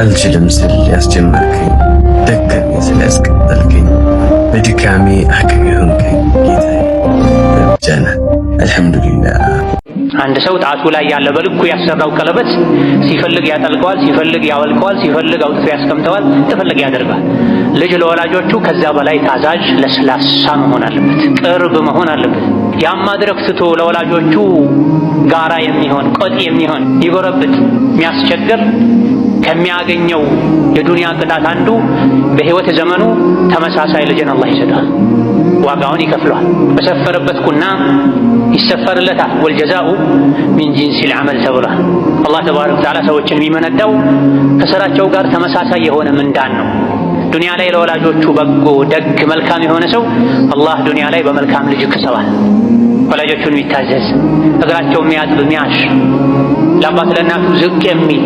አልችልም ስል ያስጀመርከኝ፣ ደከሜ ስል ያስቀጠልከኝ፣ በድካሜ አቅም የሆንከኝ ጌታ ጃና አልሐምዱሊላህ። አንድ ሰው ጣቱ ላይ ያለ በልኩ ያሰራው ቀለበት ሲፈልግ ያጠልቀዋል፣ ሲፈልግ ያወልቀዋል፣ ሲፈልግ አውጥቶ ያስቀምጠዋል፣ ተፈልግ ያደርጋል። ልጅ ለወላጆቹ ከዛ በላይ ታዛዥ፣ ለስላሳ መሆን አለበት፣ ቅርብ መሆን አለበት። ያም ማድረግ ትቶ ለወላጆቹ ጋራ የሚሆን ቆጥ የሚሆን ይጎረብት የሚያስቸግር ከሚያገኘው የዱንያ ቅጣት አንዱ በህይወት ዘመኑ ተመሳሳይ ልጅን አላህ ይሰጣል፣ ዋጋውን ይከፍለዋል። በሰፈረበት ኩና ይሰፈርለታል። ወልጀዛኡ ሚን ጂንሲል ዐመል ተብሏል። አላህ ተባረከ ወተዓላ ሰዎችን የሚመነዳው ከሥራቸው ጋር ተመሳሳይ የሆነ ምንዳን ነው። ዱንያ ላይ ለወላጆቹ በጎ ደግ መልካም የሆነ ሰው አላህ ዱንያ ላይ በመልካም ልጅ ይክሰዋል። ወላጆቹን የሚታዘዝ እግራቸው የሚያጥብ የሚያሽ ለአባት ለእናቱ ዝቅ የሚል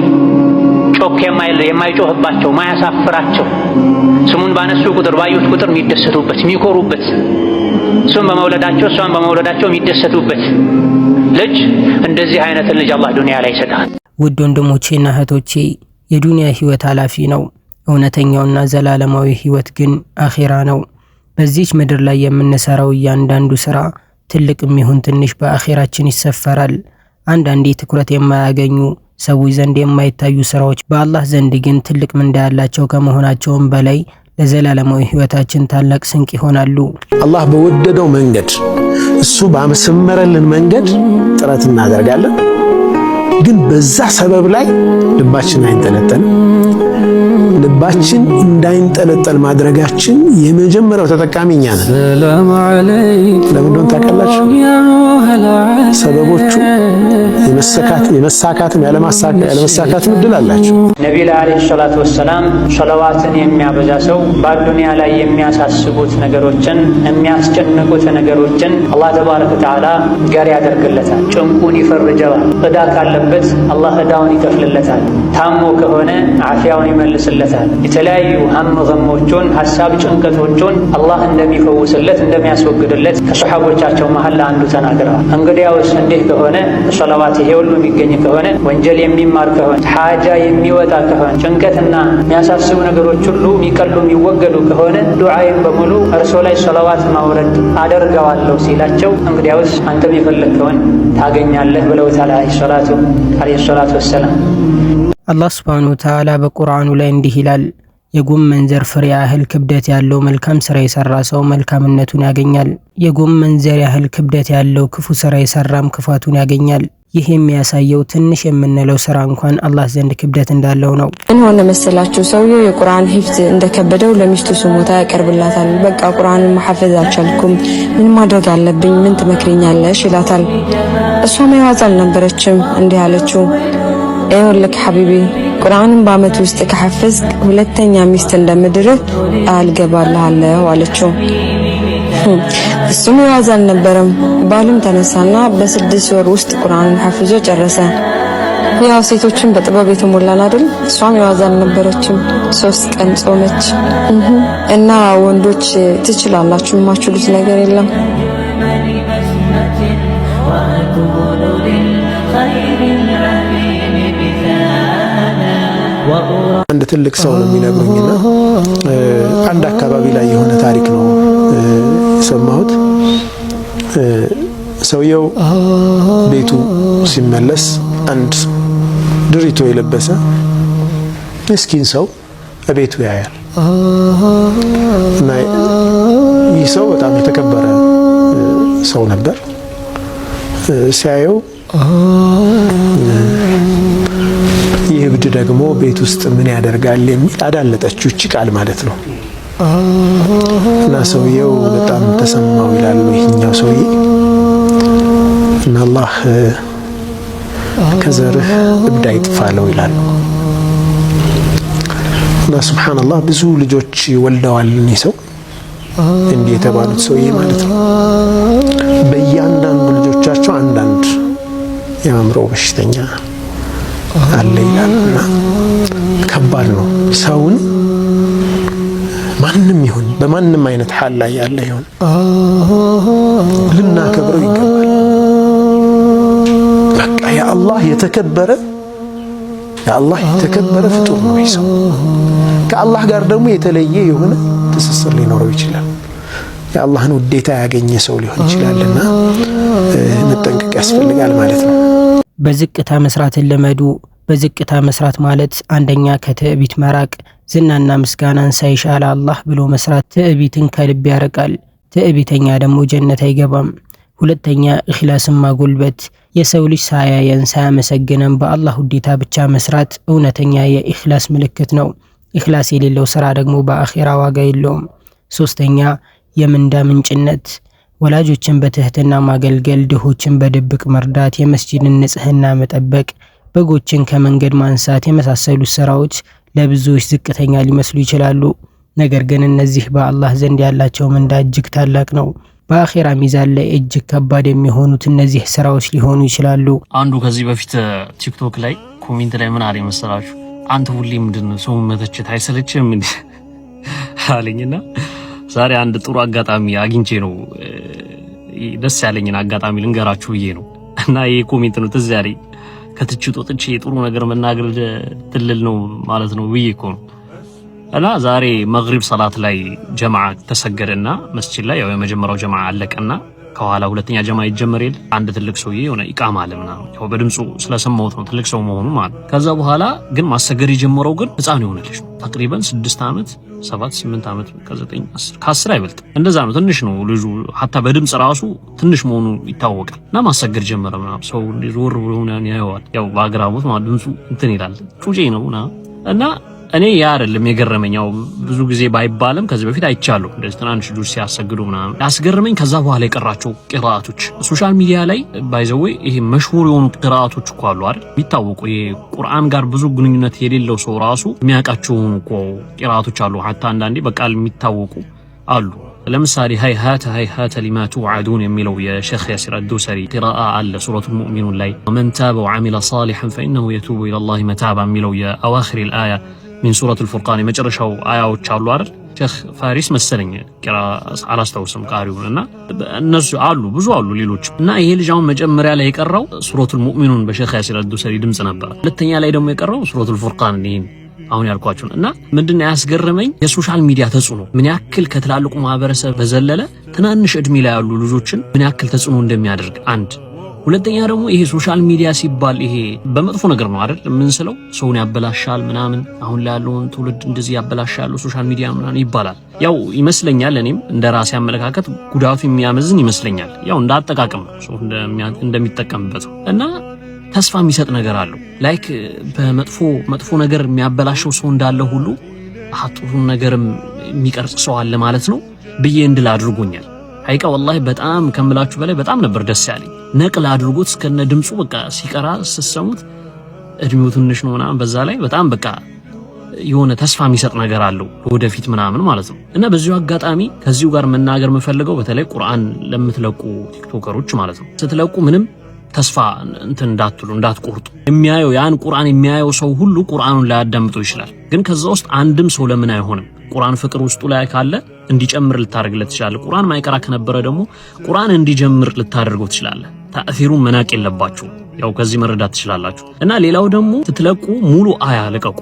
ጮክ የማይጮህባቸው ማያሳፍራቸው፣ ስሙን ባነሱ ቁጥር ባዩት ቁጥር የሚደሰቱበት የሚኮሩበት፣ ስሙን በመውለዳቸው እሷን በመውለዳቸው የሚደሰቱበት ልጅ እንደዚህ አይነትን ልጅ አላህ ዱንያ ላይ ይሰጣል። ውድ ወንድሞቼና እህቶቼ የዱንያ ህይወት ኃላፊ ነው። እውነተኛውና ዘላለማዊ ህይወት ግን አኼራ ነው። በዚች ምድር ላይ የምንሰራው እያንዳንዱ ስራ ትልቅም ይሁን ትንሽ በአኼራችን ይሰፈራል። አንዳንዴ ትኩረት የማያገኙ ሰዎች ዘንድ የማይታዩ ስራዎች በአላህ ዘንድ ግን ትልቅ ምንዳ ያላቸው ከመሆናቸውም በላይ ለዘላለማዊ ህይወታችን ታላቅ ስንቅ ይሆናሉ። አላህ በወደደው መንገድ እሱ ባመሰመረልን መንገድ ጥረት እናደርጋለን። ግን በዛ ሰበብ ላይ ልባችን አይንጠለጠልም። ልባችን እንዳይንጠለጠል ማድረጋችን የመጀመሪያው ተጠቃሚ እኛ ነን። ለምንድን ታውቃላችሁ? ሰበቦቹ የመሳካትም ያለመሳካትም እድል አላቸው። ነቢ ዓለይሂ ሰላቱ ወሰላም ሰለዋትን የሚያበዛ ሰው በአዱንያ ላይ የሚያሳስቡት ነገሮችን የሚያስጨንቁት ነገሮችን አላህ ተባረከ ወተዓላ ገር ያደርግለታል፣ ጭንቁን ይፈርጀዋል። እዳ ካለበት አላህ እዳውን ይከፍልለታል። ታሞ ከሆነ አፊያውን ይመልስለታል። ይመለከታል። የተለያዩ ሀም ገሞቹን፣ ሀሳብ ጭንቀቶቹን አላህ እንደሚፈውስለት እንደሚያስወግድለት ከሰሓቦቻቸው መሀል አንዱ ተናግረዋል። እንግዲያውስ እንዲህ ከሆነ ሰለዋት ይሄ ሁሉ የሚገኝ ከሆነ ወንጀል የሚማር ከሆነ ሓጃ የሚወጣ ከሆነ ጭንቀትና የሚያሳስቡ ነገሮች ሁሉ የሚቀሉ የሚወገዱ ከሆነ ዱዓይን በሙሉ እርሶ ላይ ሰለዋት ማውረድ አደርገዋለሁ ሲላቸው እንግዲያውስ አንተም የፈለግከውን ታገኛለህ ብለውታል። አለ ሰላቱ ወሰላም አላህ ስብሐነሁ ወተዓላ በቁርአኑ ላይ እንዲህ ይላል፣ የጎመን ዘር ፍሬ ያህል ክብደት ያለው መልካም ስራ የሰራ ሰው መልካምነቱን ያገኛል። የጎመን ዘር ያህል ክብደት ያለው ክፉ ስራ የሰራም ክፋቱን ያገኛል። ይህ የሚያሳየው ትንሽ የምንለው ስራ እንኳን አላህ ዘንድ ክብደት እንዳለው ነው። ምን ሆነ መሰላችሁ? ሰውየው የቁርአን ሂፍዝ እንደከበደው ለሚስቱ ስሞታ ያቀርብላታል። በቃ ቁርአንን መሐፈዝ አልቻልኩም፣ ምን ማድረግ አለብኝ? ምን ትመክሪኛለሽ? ይላታል። እሷ መዋዝ አልነበረችም እንዲህ አለችው ይኸውልህ ሐቢቢ ቁርአንን በአመት ውስጥ ከሐፈዝክ ሁለተኛ ሚስት እንደምድርህ ቃል ገባልሃለሁ አለችው። እሱም የዋዛ አልነበረም። ባልም ተነሳና በስድስት ወር ውስጥ ቁርአንን ሐፍዞ ጨረሰ። ያው ሴቶችን በጥበብ የተሞላን አይደል? እሷም የዋዛ አልነበረችም። ሶስት ቀን ጾመች እና ወንዶች ትችላላችሁ፣ የማችሉት ነገር የለም። አንድ ትልቅ ሰው ነው የሚነግሩኝና አንድ አካባቢ ላይ የሆነ ታሪክ ነው የሰማሁት። ሰውየው ቤቱ ሲመለስ አንድ ድሪቶ የለበሰ ምስኪን ሰው ቤቱ ያያል እና ይህ ሰው በጣም የተከበረ ሰው ነበር። ሲያየው እብድ ደግሞ ቤት ውስጥ ምን ያደርጋል የሚል አዳለጠችው እቺ ቃል ማለት ነው። እና ሰውየው በጣም ተሰማው ይላሉ ይህኛው ሰውዬ እና አላህ ከዘርህ እብድ አይጥፋለው ይላሉ። እና ሱብሓነላህ ብዙ ልጆች ወልደዋል እኒህ ሰው እንዲህ የተባሉት ሰውዬ ማለት ነው። በእያንዳንዱ ልጆቻቸው አንዳንድ የአእምሮ በሽተኛ አለ ይላል። ከባድ ነው። ሰውን ማንም ይሁን በማንም አይነት ሀል ላይ ያለ ይሁን ልናከብረው ይገባል። በቃ የአላህ የተከበረ የአላህ የተከበረ ፍጡር ነው ይህ ሰው። ከአላህ ጋር ደግሞ የተለየ የሆነ ትስስር ሊኖረው ይችላል። የአላህን ውዴታ ያገኘ ሰው ሊሆን ይችላልና መጠንቀቅ ያስፈልጋል ማለት ነው። በዝቅታ መስራትን ልመዱ። በዝቅታ መስራት ማለት አንደኛ ከትዕቢት መራቅ፣ ዝናና ምስጋናን ሳይሻ ለአላህ ብሎ መስራት ትዕቢትን ከልብ ያርቃል። ትዕቢተኛ ደግሞ ጀነት አይገባም። ሁለተኛ እኽላስን ማጎልበት፣ የሰው ልጅ ሳያየን ሳያመሰግነን በአላህ ውዴታ ብቻ መስራት እውነተኛ የእኽላስ ምልክት ነው። እኽላስ የሌለው ስራ ደግሞ በአኼራ ዋጋ የለውም። ሶስተኛ የምንዳ ምንጭነት ወላጆችን በትህትና ማገልገል፣ ድሆችን በድብቅ መርዳት፣ የመስጂድን ንጽህና መጠበቅ፣ በጎችን ከመንገድ ማንሳት የመሳሰሉት ስራዎች ለብዙዎች ዝቅተኛ ሊመስሉ ይችላሉ። ነገር ግን እነዚህ በአላህ ዘንድ ያላቸው ምንዳ እጅግ ታላቅ ነው። በአኼራ ሚዛን ላይ እጅግ ከባድ የሚሆኑት እነዚህ ስራዎች ሊሆኑ ይችላሉ። አንዱ ከዚህ በፊት ቲክቶክ ላይ ኮሜንት ላይ ምን አለ መሰላችሁ? አንተ ሁሌ ምንድን ነው ሰው መተቸት አይሰለችም አለኝና ዛሬ አንድ ጥሩ አጋጣሚ አግኝቼ ነው ደስ ያለኝን አጋጣሚ ልንገራችሁ ብዬ ነው። እና ይህ ኮሜንት ነው ትዝ ያለኝ። ከትችት ወጥቼ ጥሩ ነገር መናገር ትልል ነው ማለት ነው ብዬ እኮ ነው። እና ዛሬ መግሪብ ሰላት ላይ ጀማዓ ተሰገደና መስጂድ ላይ ያው የመጀመሪያው ጀማዓ አለቀና ከኋላ ሁለተኛ ጀማ ይጀመር አንድ ትልቅ ሰውዬ የሆነ ይቃማ አለ ምናምን፣ ያው በድምፁ ስለሰማሁት ነው ትልቅ ሰው መሆኑ ማለት። ከዛ በኋላ ግን ማሰገድ የጀመረው ግን ህፃን የሆነ ልጅ ነው። ተቅሪበን ስድስት ዓመት ሰባት ስምንት ዓመት ከዘጠኝ ከአስር አይበልጥ እንደዛ ነው። ትንሽ ነው ልጁ ሀታ በድምፅ ራሱ ትንሽ መሆኑ ይታወቃል። እና ማሰገድ ጀመረ ምናምን ሰው ዞር ብሎ ያየዋል። ያው በአግራሞት ድምፁ እንትን ይላል ጩጬ ነው እና እኔ ያ አይደለም የገረመኛው ብዙ ጊዜ ባይባልም ከዚህ በፊት አይቻሉ እንደዚህ ትናንሽ ልጆች ሲያሰግዱ ምናምን ያስገረመኝ ከዛ በኋላ የቀራቸው ቅራአቶች ሶሻል ሚዲያ ላይ ባይዘዌ ይሄ መሽሁር የሆኑ ቅራአቶች እኮ አሉ አይደል የሚታወቁ ይሄ ቁርአን ጋር ብዙ ግንኙነት የሌለው ሰው ራሱ የሚያውቃቸው እኮ ቅራአቶች አሉ። ሀታ አንዳንዴ በቃል የሚታወቁ አሉ። ለምሳሌ ሀይሀተ ሀይሀተ ሊማ ትውዓዱን የሚለው የሸክ ያሲር አዶሰሪ ቅራአ አለ ሱረቱ ሙእሚኑን ላይ ወመን ታበ ወዓሚለ ሳሊሐን ፈኢነሁ የቱቡ ኢለላሂ መታባ የሚለው የአዋኽሪል አያ ሚን ሱረቱል ፉርቃን የመጨረሻው አያዎች አሉ አይደል? ሼህ ፋሪስ መሰለኝ ቂራ አላስታውስም ቃሪውን እና እነሱ አሉ ብዙ አሉ ሌሎች እና ይሄ ልጅ አሁን መጀመሪያ ላይ የቀረው ሱረቱል ሙእሚኑን በሼህ ያሲር አልዱሰሪ ድምጽ ነበር። ሁለተኛ ላይ ደግሞ የቀረው ሱረቱል ፉርቃን ይሄን አሁን ያልኳችሁ እና ምንድን ነው ያስገረመኝ የሶሻል ሚዲያ ተጽዕኖ ምን ያክል ከትላልቁ ማህበረሰብ በዘለለ ትናንሽ እድሜ ላይ ያሉ ልጆችን ምን ያክል ተጽዕኖ እንደሚያደርግ አንድ ሁለተኛ ደግሞ ይሄ ሶሻል ሚዲያ ሲባል ይሄ በመጥፎ ነገር ነው አይደል የምንስለው፣ ሰውን ያበላሻል ምናምን፣ አሁን ላይ ያለውን ትውልድ እንደዚህ ያበላሻሉ ሶሻል ሚዲያ ምናምን ይባላል። ያው ይመስለኛል እኔም እንደ ራሴ አመለካከት ጉዳቱ የሚያመዝን ይመስለኛል። ያው እንደ አጠቃቀም ሰው እንደሚጠቀምበት እና ተስፋ የሚሰጥ ነገር አለው። ላይክ በመጥፎ መጥፎ ነገር የሚያበላሸው ሰው እንዳለ ሁሉ ጥሩን ነገርም የሚቀርጽ ሰው አለ ማለት ነው ብዬ እንድል አድርጎኛል። ሐቂቃ ወላሂ በጣም ከምላችሁ በላይ በጣም ነበር ደስ ያለኝ። ነቅል አድርጎት እስከነ ድምፁ በቃ ሲቀራ ስትሰሙት እድሜው ትንሽ ነው ምናምን፣ በዛ ላይ በጣም በቃ የሆነ ተስፋ የሚሰጥ ነገር አለው ለወደፊት ምናምን ማለት ነው። እና በዚሁ አጋጣሚ ከዚሁ ጋር መናገር የምፈልገው በተለይ ቁርአን ለምትለቁ ቲክቶከሮች ማለት ነው ስትለቁ ምንም ተስፋ እንትን እንዳትሉ እንዳትቆርጡ። የሚያየው ያን ቁርአን የሚያየው ሰው ሁሉ ቁርአኑን ላያዳምጠው ይችላል፣ ግን ከዛ ውስጥ አንድም ሰው ለምን አይሆንም ቁርአን ፍቅር ውስጡ ላይ ካለ እንዲጨምር ልታደርግለት ትችላለህ። ቁርአን ማይቀራ ከነበረ ደግሞ ቁርአን እንዲጀምር ልታደርገው ትችላለህ። ታእሲሩን መናቅ የለባችሁ። ያው ከዚህ መረዳት ትችላላችሁ። እና ሌላው ደግሞ ስትለቁ ሙሉ አያ ልቀቁ።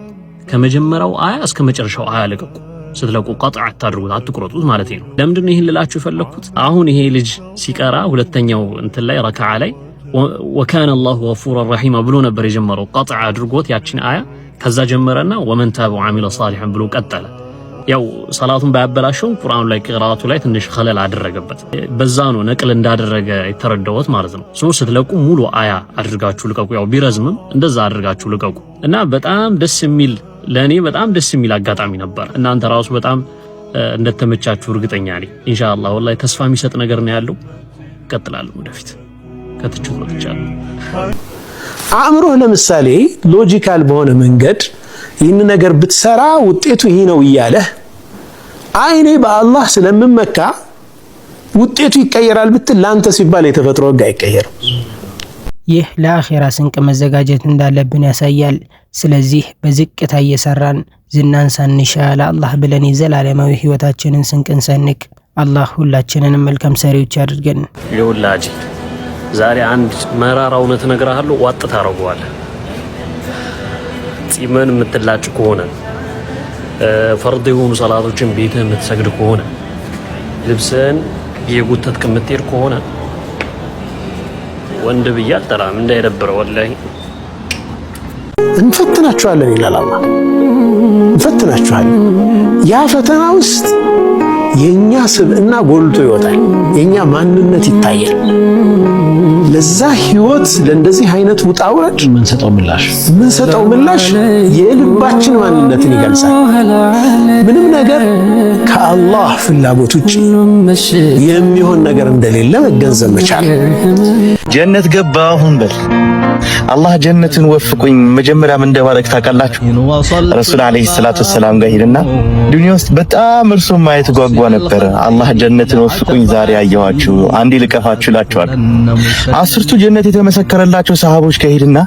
ከመጀመሪያው አያ እስከ መጨረሻው አያ ልቀቁ። ስትለቁ ቀጥ አታድርጉት፣ አትቁረጡት ማለት ነው። ለምንድን ይህን ልላችሁ የፈለግኩት? አሁን ይሄ ልጅ ሲቀራ ሁለተኛው እንትን ላይ ረክዓ ላይ ወካነ አላሁ ገፉራን ረሒማ ብሎ ነበር የጀመረው። ቀጥ አድርጎት ያችን አያ ከዛ ጀመረና ወመን ታበ ወዐሚለ ሷሊሐን ብሎ ቀጠለ። ያው ሰላቱን ባያበላሸው ቁርአኑ ላይ ቅራቱ ላይ ትንሽ ከለል አደረገበት። በዛ ነው ነቅል እንዳደረገ የተረዳሁት ማለት ነው። ሶ ስትለቁ ሙሉ አያ አድርጋችሁ ልቀቁ። ያው ቢረዝምም እንደዛ አድርጋችሁ ልቀቁ እና በጣም ደስ የሚል ለእኔ በጣም ደስ የሚል አጋጣሚ ነበር። እናንተ ራሱ በጣም እንደተመቻችሁ እርግጠኛ ነኝ። ኢንሻአላህ ወላሂ ተስፋ የሚሰጥ ነገር ነው ያለው። እቀጥላለሁ ወደፊት ከትችት መጥቻለሁ። አእምሮህ ለምሳሌ ሎጂካል በሆነ መንገድ ይህን ነገር ብትሰራ ውጤቱ ይሄ ነው እያለህ አይኔ በአላህ ስለምመካ ውጤቱ ይቀየራል ብትል ለአንተ ሲባል የተፈጥሮ ህግ አይቀየርም። ይህ ለአኼራ ስንቅ መዘጋጀት እንዳለብን ያሳያል። ስለዚህ በዝቅታ እየሰራን ዝናን ሳንሻ ለአላህ ብለን የዘላለማዊ ህይወታችንን ስንቅ እንሰንቅ። አላህ ሁላችንንም መልካም ሰሪዎች ያድርገን። ይኸውልህ ዛሬ አንድ መራራ እውነት እነግርሃለሁ፣ ዋጥ ታደርገዋለህ ፈጽመን የምትላጭ ከሆነ ፈርድ የሆኑ ሰላቶችን ቤት የምትሰግድ ከሆነ ልብስን የጉተት የምትሄድ ከሆነ ወንድ ብዬ አልጠራም። እንዳይደብረ ወላሂ እንፈትናችኋለን ይላል አላህ። እንፈትናችኋለን። ያ ፈተና ውስጥ የእኛ ስብዕና ጎልቶ ይወጣል። የእኛ ማንነት ይታያል። ለዛ ህይወት ለእንደዚህ አይነት ውጣውረድ የምንሰጠው ምላሽ ምንሰጠው ምላሽ የልባችን ማንነትን ይገልጻል። ምንም ነገር ከአላህ ፍላጎት ውጭ የሚሆን ነገር እንደሌለ መገንዘብ መቻል። ጀነት አሁን በል አላህ ጀነትን ወፍቁኝ። መጀመሪያ ምን እንደባረክ ታውቃላችሁ? ረሱል አለይሂ ሰላቱ ሰላም ጋር ሄድና ዱንያ ውስጥ በጣም እርሱ ማየት ጓጓ ነበር አላህ ጀነትን ወፍቁኝ፣ ዛሬ አየኋችሁ፣ አንዴ ልቀፋችሁ እላችኋለሁ። አስርቱ ጀነት የተመሰከረላቸው ሰሃቦች ከሄድና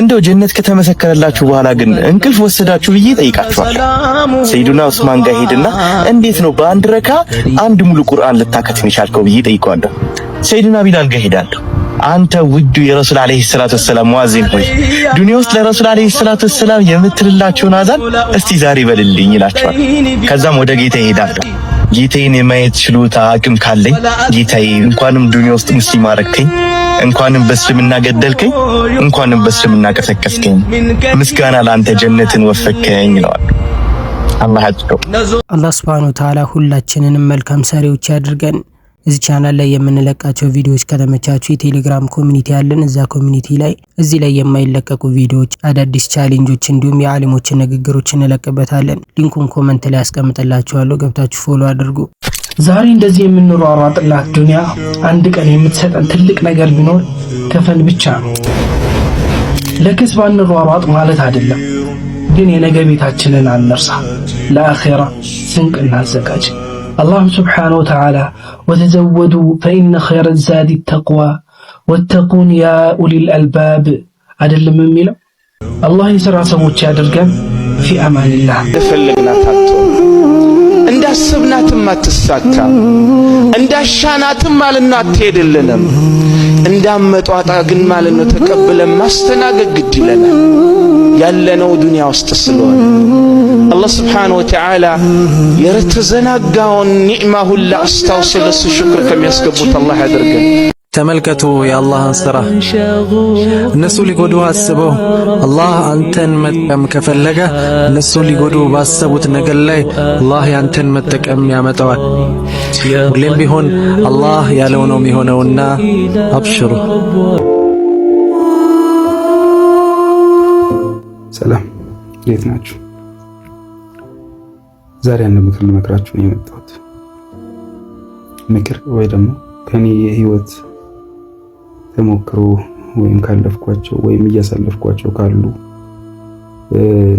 እንደው ጀነት ከተመሰከረላችሁ በኋላ ግን እንቅልፍ ወሰዳችሁ ብዬ ጠይቃችኋል። ሰይዱና ዑስማን ጋር ሄድና እንዴት ነው በአንድ ረካ አንድ ሙሉ ቁርአን ልታከትም የቻልከው ብዬ ጠይቀዋለሁ። ሰይዱና ቢላል ጋር ሄዳለሁ። አንተ ውዱ የረሱል አለይሂ ሰላቱ ወሰላም ሙአዚን ሆይ ዱንያ ውስጥ ለረሱል አለይሂ ሰላቱ ወሰላም የምትልላቸውን አዛን እስቲ ዛሬ በልልኝ ይላቸዋል። ከዛም ወደ ጌታ ይሄዳለሁ። ጌታዬን የማየት ችሎታ አቅም ካለኝ ጌታዬ እንኳንም ዱንያ ውስጥ ሙስሊም አረግከኝ፣ እንኳንም በእስልምና ገደልከኝ፣ እንኳንም በእስልምና ቀሰቀስከኝ፣ ምስጋና ለአንተ ጀነትን ወፈከኝ ይለዋል። አላህ አላህ ሱብሓነሁ ወተዓላ ሁላችንንም መልካም ሰሪዎች ያድርገን። እዚህ ቻናል ላይ የምንለቃቸው ቪዲዮዎች ከተመቻችሁ የቴሌግራም ኮሚኒቲ ያለን እዛ ኮሚኒቲ ላይ እዚህ ላይ የማይለቀቁ ቪዲዮዎች፣ አዳዲስ ቻሌንጆች እንዲሁም የዓሊሞችን ንግግሮች እንለቅበታለን። ሊንኩን ኮመንት ላይ አስቀምጥላችኋለሁ። ገብታችሁ ፎሎ አድርጉ። ዛሬ እንደዚህ የምንሯሯጥላት ዱንያ አንድ ቀን የምትሰጠን ትልቅ ነገር ቢኖር ከፈን ብቻ ነው። ለክስ ባንሯሯጥ ማለት አይደለም፣ ግን የነገ ቤታችንን አንርሳ። ለአኼራ ስንቅ እናዘጋጅን። الله سبحانه وتعالى وتزودوا فإن خير الزاد التقوى واتقون يا أولي الألباب من ميلا الله يسرع ሰዎች ያደርገን ፊ አማኒላህ እንደፈለግናት አትሆን፣ እንዳሰብናትም አትሳካም፣ እንዳሻናትም ማለት አትሄድልንም። እንዳመጧጣ ግን ማለት ነው ተቀብለን ማስተናገድ ግድ ይለናል። ያለነው ዱንያ ውስጥ ስለሆነ አላህ ስብሓነሁ ወተዓላ የተዘናጋውን ኒዕማ ሁላ አስታውሶ ለሱ ሽክር ከሚያስገቡት አላህ ያደርገን። ተመልከቱ የአላህን ሥራ። እነሱ ሊጎዱ አስበው አላህ አንተን መጠቀም ከፈለገ እነሱ ሊጎዱ ባሰቡት ነገር ላይ አላህ ያንተን መጠቀም ያመጣዋል። ሁሌም ቢሆን አላህ ያለው ነው የሚሆነውና አብሽሩ። ሰላም፣ እንዴት ናችሁ? ዛሬ አንድ ምክር ልመክራችሁ ነው የመጣሁት። ምክር ወይ ደግሞ ከኔ የህይወት ተሞክሮ ወይም ካለፍኳቸው ወይም እያሳለፍኳቸው ካሉ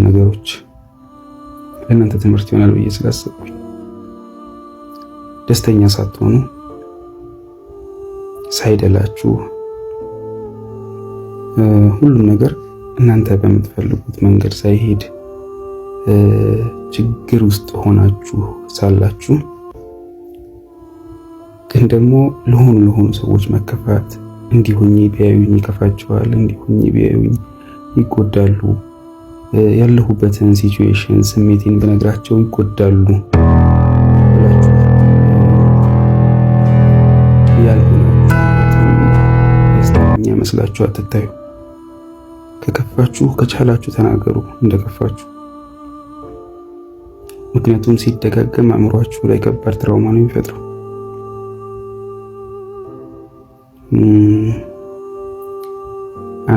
ነገሮች ለእናንተ ትምህርት ይሆናል ብዬ ስላሰብኩኝ ደስተኛ ሳትሆኑ ሳይደላችሁ ሁሉም ነገር እናንተ በምትፈልጉት መንገድ ሳይሄድ ችግር ውስጥ ሆናችሁ ሳላችሁ ግን ደግሞ ለሆኑ ለሆኑ ሰዎች መከፋት እንዲሁኝ ቢያዩኝ ይከፋቸዋል፣ እንዲሁኝ ቢያዩኝ ይጎዳሉ፣ ያለሁበትን ሲቹዌሽን ስሜቴን ብነግራቸው ይጎዳሉ መስላችሁ አትታዩ። ከከፋችሁ ከቻላችሁ ተናገሩ እንደከፋችሁ። ምክንያቱም ሲደጋገም አእምሯችሁ ላይ ከባድ ትራውማ ነው የሚፈጥረው።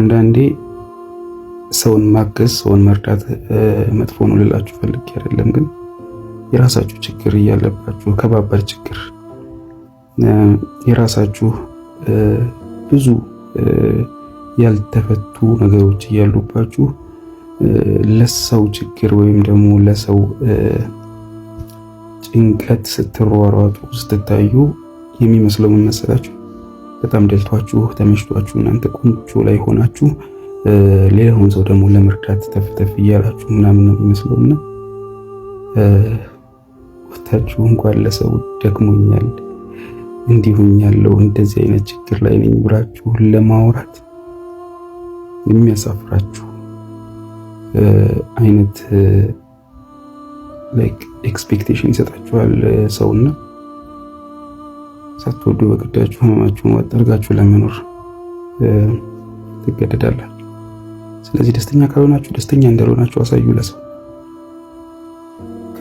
አንዳንዴ ሰውን ማገዝ ሰውን መርዳት መጥፎ ነው ልላችሁ ፈልጌ አይደለም። ግን የራሳችሁ ችግር እያለባችሁ ከባባድ ችግር የራሳችሁ ብዙ ያልተፈቱ ነገሮች እያሉባችሁ ለሰው ችግር ወይም ደግሞ ለሰው ጭንቀት ስትሯሯጡ ስትታዩ የሚመስለው ምን መሰላችሁ? በጣም ደልቷችሁ ተመችቷችሁ እናንተ ቁንጮ ላይ ሆናችሁ ሌላውን ሰው ደግሞ ለመርዳት ተፍተፍ እያላችሁ ምናምን ነው የሚመስለው እና ወታችሁ እንኳን ለሰው ደክሞኛል እንዲሁም ያለው እንደዚህ አይነት ችግር ላይ ነኝ ብላችሁ ለማውራት የሚያሳፍራችሁ አይነት ላይክ ኤክስፔክቴሽን ይሰጣችኋል ሰውና ሳትወዱ በግዳችሁ ህመማችሁን ወጥ ለመኖር ትገደዳላችሁ። ስለዚህ ደስተኛ ካልሆናችሁ ደስተኛ እንዳልሆናችሁ አሳዩ ለሰው።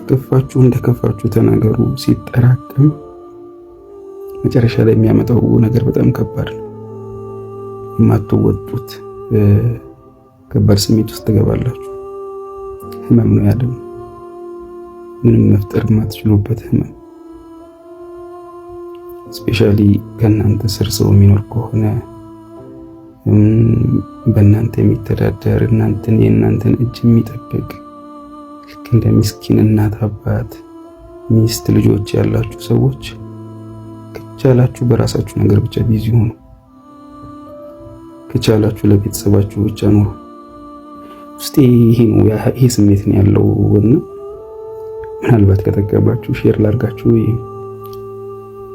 ከከፋችሁ እንደከፋችሁ ተናገሩ። ሲጠራቅም መጨረሻ ላይ የሚያመጣው ነገር በጣም ከባድ ነው። የማትወጡት ከባድ ስሜት ውስጥ ትገባላችሁ። ህመም ነው ያለው ምንም መፍጠር የማትችሉበት ህመም ስፔሻሊ ከእናንተ ስር ሰው የሚኖር ከሆነ በእናንተ የሚተዳደር እናንተን የእናንተን እጅ የሚጠብቅ ልክ እንደ ምስኪን እናት፣ አባት፣ ሚስት፣ ልጆች ያላችሁ ሰዎች ከቻላችሁ በራሳችሁ ነገር ብቻ ቢዚ ሆኑ። ከቻላችሁ ለቤተሰባችሁ ብቻ ኖሩ። ውስጤ ይሄ ነው ይሄ ስሜት ነው ያለው ምናልባት ከጠቀባችሁ ሼር ላርጋችሁ።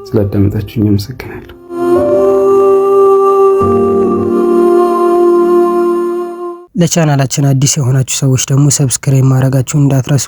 ስላዳመጣችሁኝ አመሰግናለሁ። ለቻናላችን አዲስ የሆናችሁ ሰዎች ደግሞ ሰብስክራይብ ማድረጋችሁን እንዳትረሱ።